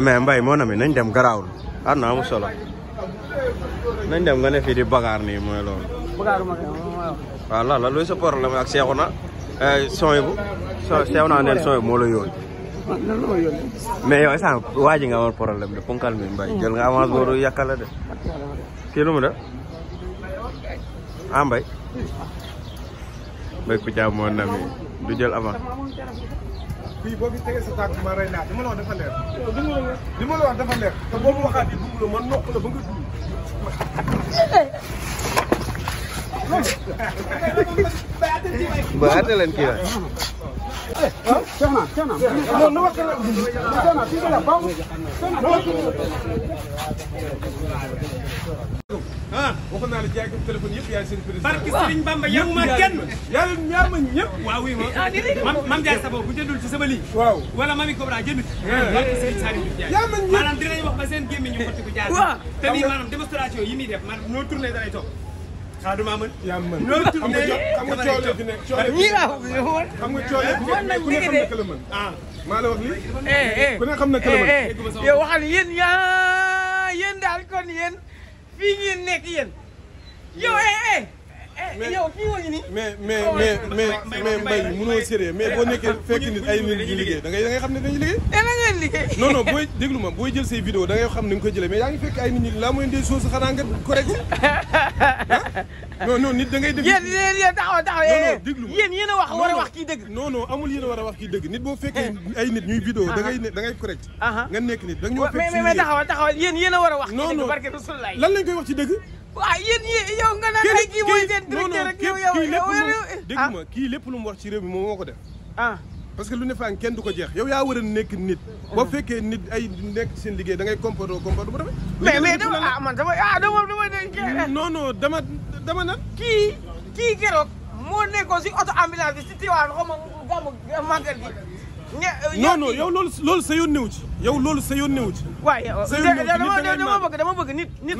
membai mbay nami nañ dem garaawul am naa mu solo nañ dem nga di bagaar nii mooy loolu waaw ah, la la luy sa problème ak seexu na eh, son bu seew naa neen son moo la yóon mais yow instant waa nga amoon problème de punkal ah, mi mbay jël nga avance boobu yàkkale de kii lu mu de ku na mi du jël avance fii boo fi tegee sa tànk ma rey naa li ma la wax dafa leer. li ma la wax dafa leer te boo mu waxaat yi bëgg la man nokk la ba nga dund. ba àtte leen kii waay. ah Cheikh naa Cheikh naa. non nu ma Cheikh naa fii ko la baaxul. Cheikh naa Ah. barki Serigne Bamba waaw oui ma ah, mam Ndiaye Sabo bu jëndul ci sama lii. waaw wala mami Cobra jënd ci. Ah. barki Serigne Saliou Ndiaye. yaa ma ñëpp maanaam dinañ wax ba seen gémmiñ ñu xotti jaar. te nii maanaam démonstration yi muy def maanaam noo tourné da lay toog. xaadu maa yaa mën noo tourné xam nga na kala mën. ah yaa eh, eh. eh, yéen daal kon yéen fii ngeen yéen yo! eh eh mais yow kii woo ñu nii. Oh, mais mais mais mais Mbaye mënoo sérieux mais boo nekkee fekk nit ay nit ñu liggéey da ngay da ngay xam ne dañuy liggéey. dana ngeen liggéey. non non booy déglu ma booy jël say vidéo da ngay xam ni nga ko jëlee mais yaa ngi fekk ay nit ñi la mooy des choses xanaa nga correct ah? non non nit da ngay def. yéen yéen yéen taxaw taxaw yéen yéen yéen a wax war a wax kii dëgg. non non amul yéen a war a wax kii dëgg nit boo fekkee ay nit ñuy vidéo da ngay da ngay correct. nga nekk nit da nga ñoo fekk. mais mais taxawal taxawal yéen yéen a war a wax. non non lan lañ koy wax ci dëgg waa yéen yéen yow nga naan ay kii mooy seen directeur yow yow yow dégg ah. kii lépp lu mu wax ci réew mi moom moo ko def ah parce que lu ne faan kenn du ko jeex yow yaa war nekk nit boo fekkee nit ay nekk seen liggéey da ngay comporté comporté bu rafet mais mais dama ah man dama ah dama dama non non dama dama nan kii kii keroog moo nekkoon si auto bi si Tivaouane xaw ma gàmmu màggal gi non non loolu loolu sa yoon loolu sa yoon néew dama bëgg dama bëgg nit nit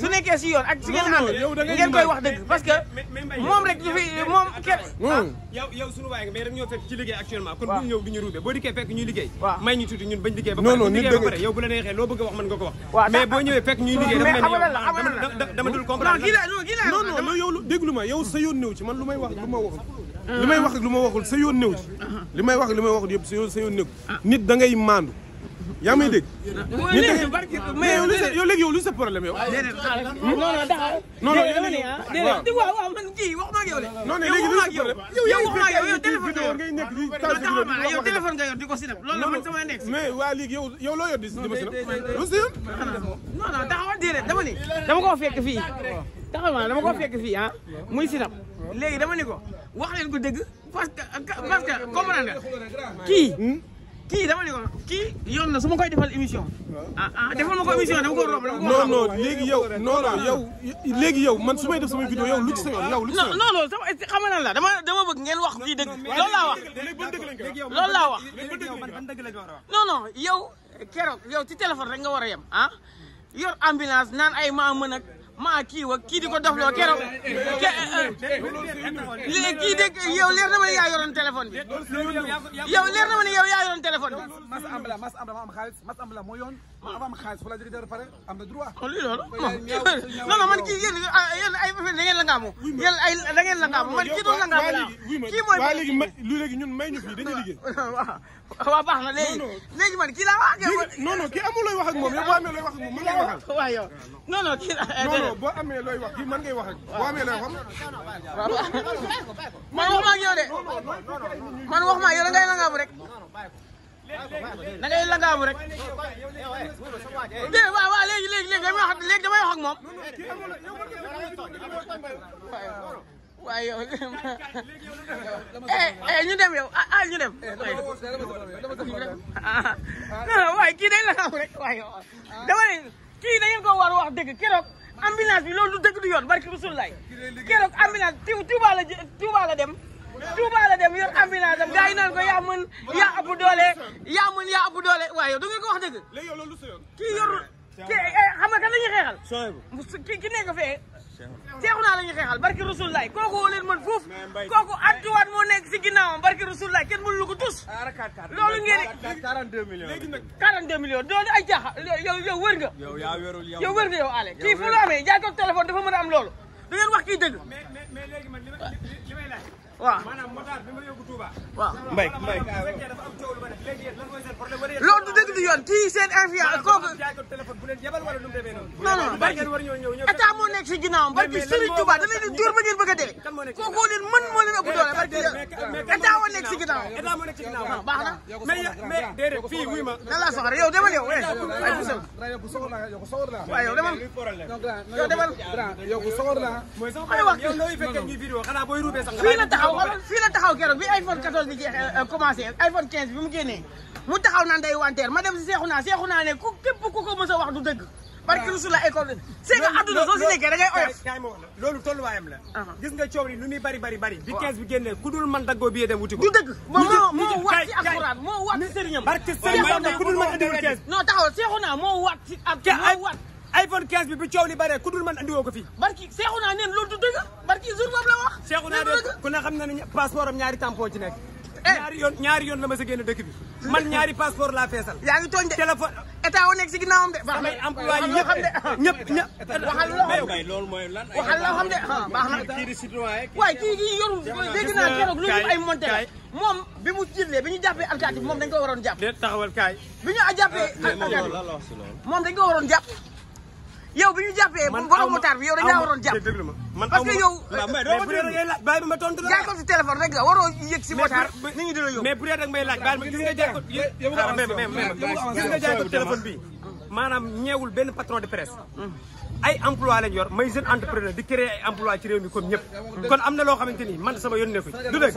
su nekkee si yoon ak ngeen koy wax dëgg parce que moom rek moom kenn yow rek ñoo fekk ci liggéey actuellement kon bu ñëw du ñu ruube boo dikkee fekk ñuy liggéey may ñu tuuti ñun bañ liggéey ba a wax mën nga ko wax mais boo ñëwee fekk ñuy liggéey dama dul man lu may wax lu ma wax li may wax ak lu ma waxul sa yoon néew ci li may wax ak li may waxul yëpp sa yoon sa yoon néew ah. nit da ngay maandu yaa may dégg. Ah. nit da ngay ah. mais yow li sa yow léegi yow li sa problème yow. Hmm? non non daxal. non non yow léegi waaw waaw man kii waxuma ak yow de. non non léegi li sa problème yow waxuma ak yow yow téléphone nga yor ngay nekk di taal sa vidéo yow téléphone nga yor di ko si def loolu la man sama nekk mais waa léegi yow yow loo yor di di ma si def loolu si yoon. non non taxawal déedéet dama ni dama ko fekk fii taxal ma dama ko fekk fii ah muy sitam léegi dama ni ko wax leen ko dëgg parce que parce que comprendre nga kii kii dama ni kii yoon na su ma koy defal émission ah ah defal ma ko émission dama ko romb dama ko non non léegi yow non non yow léegi yow man su may def samay vidéo yow lu ci sa yoon yow lu ci sa yoon non non sama xam nga la dama dama bëgg ngeen wax kii dëgg loolu laa wax loolu laa wax non non yow keroog yow ci téléphone rek nga war a yem ah yor ambulance naan ay maa mën ak maa kii wa kii di ko dofloo keroog eh, eh. léegi kii de yow leer na ma ne yaa yoroon téléphone bi yow leer na ma ne yow yaa yoroon téléphone bi. mas ambla mas ambla ma am xaalis mas ambla moo yoon. ma avant ma xaalis fa la jógee dara pare am na droit. kon oh, lii loolu non non man kii yéen yéen ay da ngeen la ngaamu. yéen ay da ngeen la ngaamu man kii doon la ngaamu laa. kii mooy waaw léegi ma léegi ñun may ñu fii dañuy liggéey. waaw baax na léegi léegi man kii laa wax ak yow. non non kii amul looy wax ak moom yow boo amee looy wax ak moom mën ngay waxal. waaw yow non non kii. Eh, non non boo amee looy wax kii mën ngay wax ak boo amee looy wax. man waxuma ak yow de man waxuma ak yow da ngay la ngaamu rek. da ngay langaamu rek dé waaw waaw léegi léegi léegi damay wax léegi damay wax ak moom waaye yow eh, eh ñu dem yow ah, ah ñu dem waaye kii day langaamu rek waaye yow dama ne kii da ngeen ko war wax dëgg keroog ambulance bi loolu du dëgg du yoon barki Rasulullah keroog ambulance Touba la dem Touba la dem yor ambulance am gars yi ko yaa mën yaa ëpp doole yaa mën yaa ëpp doole waaw yow du ngeen ko wax dëgg. léegi yow loolu kii yorul kii eh, xam nga kan xeexal. ki nekk fee. seexu naa la ñuy xeexal barki Rasulullah kooku woo leen mën fuuf kooku antuwaat moo nekk si ginnaawam barki Rasulullah kenn mënu lu ko tus ah, loolu ngeen di 42 millions 42 ay jaaxa yow yow wër yow ale kii fu lu amee jaay ko téléphone a am loolu da ngeen wax kii dëgg mais mais léegi man li waaw maanaam motard bi ma yóbbu Touba. waaw mbay mbay. loolu du dëgg du yoon kii seen influence kooku. non non barki état moo nekk si ginnaawam barki Serigne Touba da leen di dóor ba ngeen bëgg a dee. kooku leen mën moo leen ëpp doole barki état moo nekk si ginnaawam. Ah, état moo nekk si ginnaawam baax na. mais mais déedéet fii wuy ma. nan laa soxla yow demal yow. ay bu soxor la yow soxor la. waaw yow demal yow demal. yow soxor la. mooy sama yow looy fekkee ñuy vidéo xanaa booy ruubee sax. fii la taxaw xoolal fii la taxaw keroog bi iPhone 14 bi jeexee commencé iPhone 15 bi mu génnee mu taxaw naan day wanteer ma dem si seexu naa seexu naa ne ku képp ku ko wax du dëgg. barki rusu la école c'est que adduna soo si nekkee da la loolu tolluwaayam la ah. gis nga coow li nu bari bari bari bi 15 bi génnee ku dul mën daggoo bi dem wuti ko du dëgg moo moo waat ci alxuraan moo waat ci sëriñam barki sëriñam ku dul mën indiwul 15 naa moo waat ci ak iPhone 15 bi bi coow li bare ku dul man andiwoo ko fii. barki seexu naa neen loolu du dëgg barki jour boobu la wax. seexu naa de ku ne xam na ne passeport am ñaari tampon ci eh. ñaari yoon ñaari yoon la ma sa génn dëkk bi. man ñaari passeport laa feesal. yaa ngi tooñ de téléphone. état wu nekk si ginnaawam de. samay emploi yi de ah. ñu ah, ay monté la moom bi mu jëlee bi ñu jàppee alkaati moom dañ ko waroon jàpp. déet taxawal kaay. bi ñu jàppee ah, alkaati bi moom dañ ko waroon jàpp yow bi jappé jàppee borom motaar bi yow dañ laa waroon jàpp parce que yow bàyyi ma tontu la jaay ko si téléphone rek la waro yëg si motar ni ñu di yow mais bu yow da may laaj bàyyi ma gis nga jaay ko gis nga jaay téléphone bi manam ñewul ben patron de presse ay emploi lañ yor may jeune entrepreneur di créer ay emploi ci réew mi comme ñep kon amna lo xamanteni man sama yónnee ko du dëgg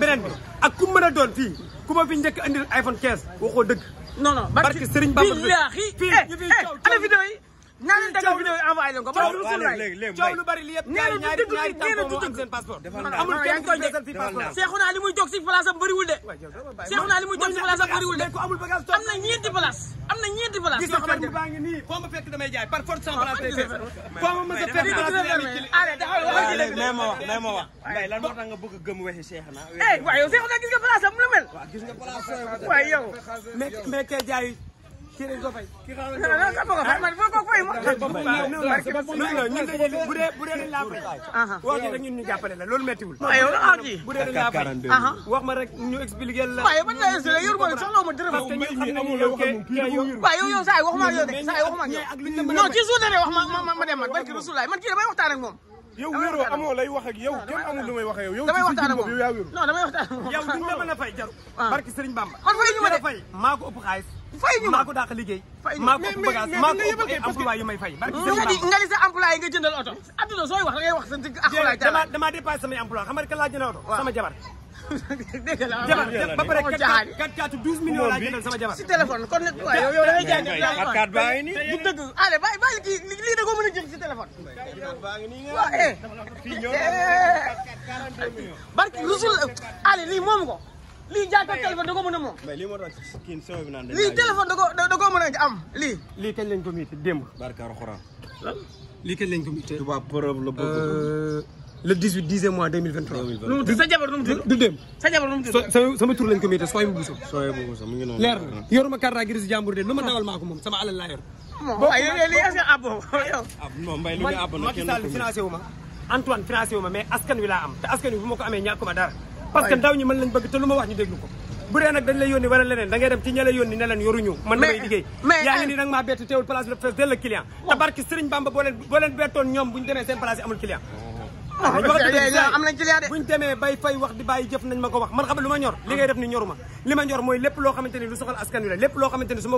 benen bi ak ku mën doon fi ku ma fi ñëk andil iPhone 15 waxo dëgg non non barki Serigne Bamba fii eh, ñu fi eh, ana vidéo yi naan a daggal leen ko ba coow lu bari li yëpp ñaari ñaari tampon seen passeport amul kenn koñ de Cheikhouna li muy jóg si place am bëriwul de Cheikhouna li am na ñeenti place am na ñeenti place yoo xamante ne ma fekk damay jaay a fekk allez taxawal wax a gis nga place am lu mel kii lañ ko fay. kii xam nga lan nga bëgg a fay man foo ko fay ma. bu dee bu dee dañ laa fay. Ah, ah. wax ji rek ñun ñu jàppale la loolu méttiwul. aywa ah kii bu dee dañ laa fay. Ah, wax ma rek ñu expliqué la. waaye man laa expliqué yor ma ne soxla ma dërëm. parce que ñun xam nañu yow kay waaw yow yow saa yi waxuma ak yow de saa yi waxuma ak yow. non ci suuf de wax ma ma ma dem man barki Rasulaay man kii damay waxtaan ak moom. yow wéeroo amoo lay wax ak yow kenn amul lu may wax ak yow yow damay waxtaan ak moom yow yaa wéeru non damay waxtaan ak moom yow duñ la mën a fay jaru barki Sëriñ Bamba man fay ñu ma de fay maa ko ëpp xaalis fay ñu ma maa ko dàq liggéey. fay ñu maa ko bagage maa ko ëpp emploi yi may fay. Mm. nga di nga di sa employé nga jëndal oto. adduna sooy wax da ngay wax sa digg ak laay dama dama dépassé samay emploi xam nga kan laa jëndal oto. sama jabar. dégg la jabar ba pare 4 4 12 millions laa jëndal sama jabar. si téléphone kon nag waaw yow yow da ngay jaay ak baa ngi nii bu dëgg allez bàyyi bàyyi kii lii da koo mën a jënd si téléphone. waaw eh. eh. barki rusul eh. allez lii moom ko. lii jaakaar téléphone da ko mën a moom. mais lii moo tax kii sëñ téléphone da ko da a am lii. lii kañ lañ ko miite démb. barka alxuraan. lan lii kañ euh, le 18 10e mois sa jabar nu mu tudd du dem. sa jabar nu mu buso. sooy bu mu ngi leer na yoruma carte grise jàmbur de lu ma dawal maa ko sama alal laa yor. bon ay Antoine financé wu askan wi laa am te askan wi bu ma ko amee ñàkkuma dara parce que ndaw ñi mën lañ bëgg te lu ma wax ñu déglu ko bu dee dañ lay yónni wala leneen da ngay dem ci ña lay yónni yoruñu man damay liggéey yaa ngi ni nag maa bett teewul place la client oh. te barki Sëriñ Bamba boo bettoon ñoom bu ñu seen place amul client oh. am nañ bay fay wax di bàyyi jëf nañ ma ko wax man xam lu ma ñor li ngay def ni ñoruma li ma ñor mooy lépp loo xamante ni lu soxal askan wi la lépp loo xamante ni su ma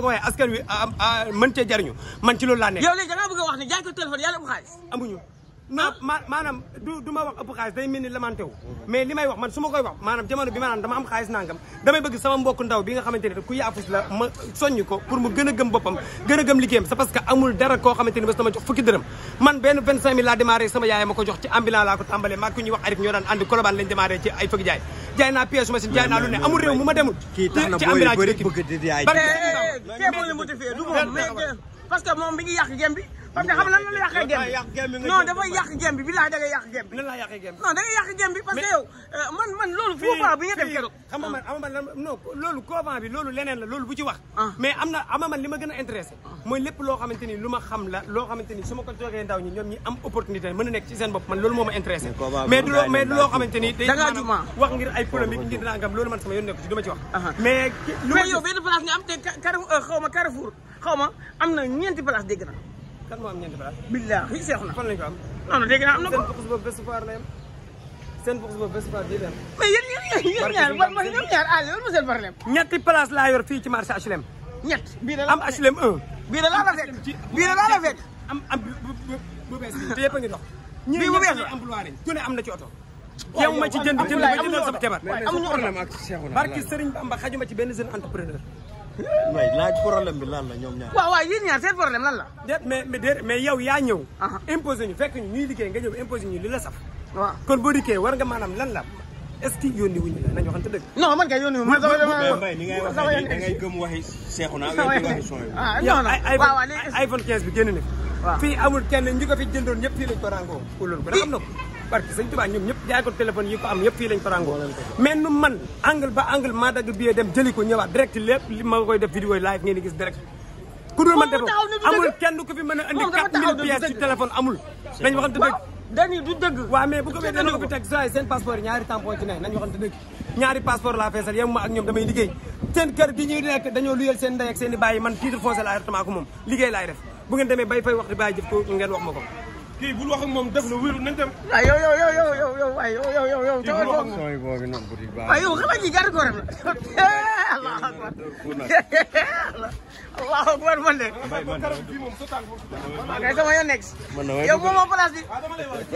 ma ma maanaam du du ma wax day mel ni lamante wu mais li may wax man su ma koy wax maanaam jamono bi maanaam dama am sama mbokk ndaw bi nga xamante ne ku yaafus la ma soññ ko pour mu gën a gëm parce que amul dara koo xamante ni bés dama jox fukki dërëm man benn 25000 laa sama yaay ma ko jox ci ambulant laa ko tàmbalee maa ku ñuy wax arif ñoo daan andi kolobaan lañ démarré ci ay fëgg jaay jaay naa pièce machine jaay naa lu ne amul réew mu ma demul ci ambulant ci dëkk bi eh, eh, parce que moom mi ngi yàq gem parce que xam lan la yàqee gem bi non dafay yàq gem bi bilaay da ngay yàq gem bi. lan la yàqee gem bi non da ngay yàq gem bi parce que yow euh, man man loolu. fii bi nga def keroog. xam nga man ah. ama man non loolu couvent bi loolu leneen la loolu bu ci wax. Ah. mais am na ama man li ma gën a intéressé. Ah. mooy lépp loo xamante ni lu ma xam la loo xamante ni su ma ko joxee ndaw ñi ñoom ñi am opportunité mën a nekk ci seen bopp man loolu moo ma intéressé. mais du loo mais du loo xamante ni. da ngaa juma wax ngir ay polémique ngir nangam loolu man sama yoon nekk ci du ma ci wax. mais yow benn place nga am te euh, xaw ma Carrefour xaw ma am na ñeenti place dégg na kan moo am ñeenti balaas. billaahi seex na fan lañ ko am. Ah, non non dégg naa am na ko seen bokkut ba bés bu faar la yem. seen bokkut ba bés bu faar bii la yem. mais yéen yéen ñaar man man ñoom ñaar ah loolu mooy seen problème. ñetti place laa yor fii ci marché HLM. ñett bii da la am HLM 1. bii da laa la fekk bii da laa la fekk. am am bu bu bu bees bi te yëpp a ngi dox. bii bu bees la ñii ku ne am na ci oto. yow ma ci jënd jënd ma jëndal sama jabar. amuñu problème ak Cheikh barki Sëriñ Bamba xajuma ci benn jeune entrepreneur way laaj problème bi lan la ñoom ñaar. waaw waaw yéen ñaar seen problème lan la. déet mais yaa ñëw. imposé ñu fekk ñu ñuy liggéey nga ñëw imposé ñu li la saf. waaw kon boo dikkee war nga maanaam lan la est-ce que yónni wuñu la nañu waxante dëgg. non man kay yónni wu ma. mbay ni ngay waxee da ngay gëm waxi seexu naa ngay gëm iPhone 15 bi génn na. waaw fii amul kenn fi jëndoon ñëpp fii lañ ko ràngoo. kuloon ko da xam barke sëñ Tuubaa ñoom ñëpp jaay ko téléphone yi ko yëpp fii lañ ko ràngoo nu man angle ba angle maa dagg billet dem jëli ko ñëwaat direct lépp koy def vidéo yi live ngeen di gis direct ku dul man defoo amul a andi 4000 pièces du dëgg waaw mais bu ko dana ko fi teg saa seen passeport yi ñaari tampon ci ne nañ waxante dëgg ñaari passeport laa feesal yem ma ak ñoom damay liggéey seen kër bi ñuy nekk dañoo luyel seen ndey ak seen i man titre foncier laa yor ko moom liggéey laay def bu ngeen kii bul wax ak moom def la wéru nañ dem. waaw yow yow yow yow yow yow waaye yow yow yow yow. kii bul wax ak moom boobu nag bu di baax. waaw yow xanaa ci gàtt góoram la. allah akbar allah akbar man de. kay sama yoon nekk si. yow moom moo place bi.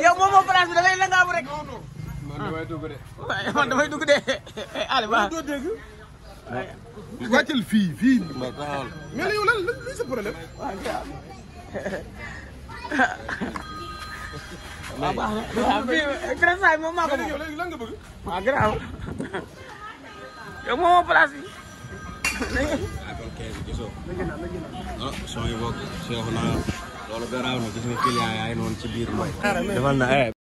yow moom moo place bi dafay langaabu rek. man damay dugg de. waaye man damay dugg de. Aliou ah. waaw doo dégg. wàccal fii fii. mais yow lan lan sa problème. waaw ah, baax na waaw ah, fii Grand Saay moom maa ko moom léegi lan nga bëgg. waaw ah, garaaw yow moomoo place bi. kon 15 gisoo. ah soo yëgoog seexu naa loolu garaaw na gis nga client yaay noonu ci biir mooy. defal eh.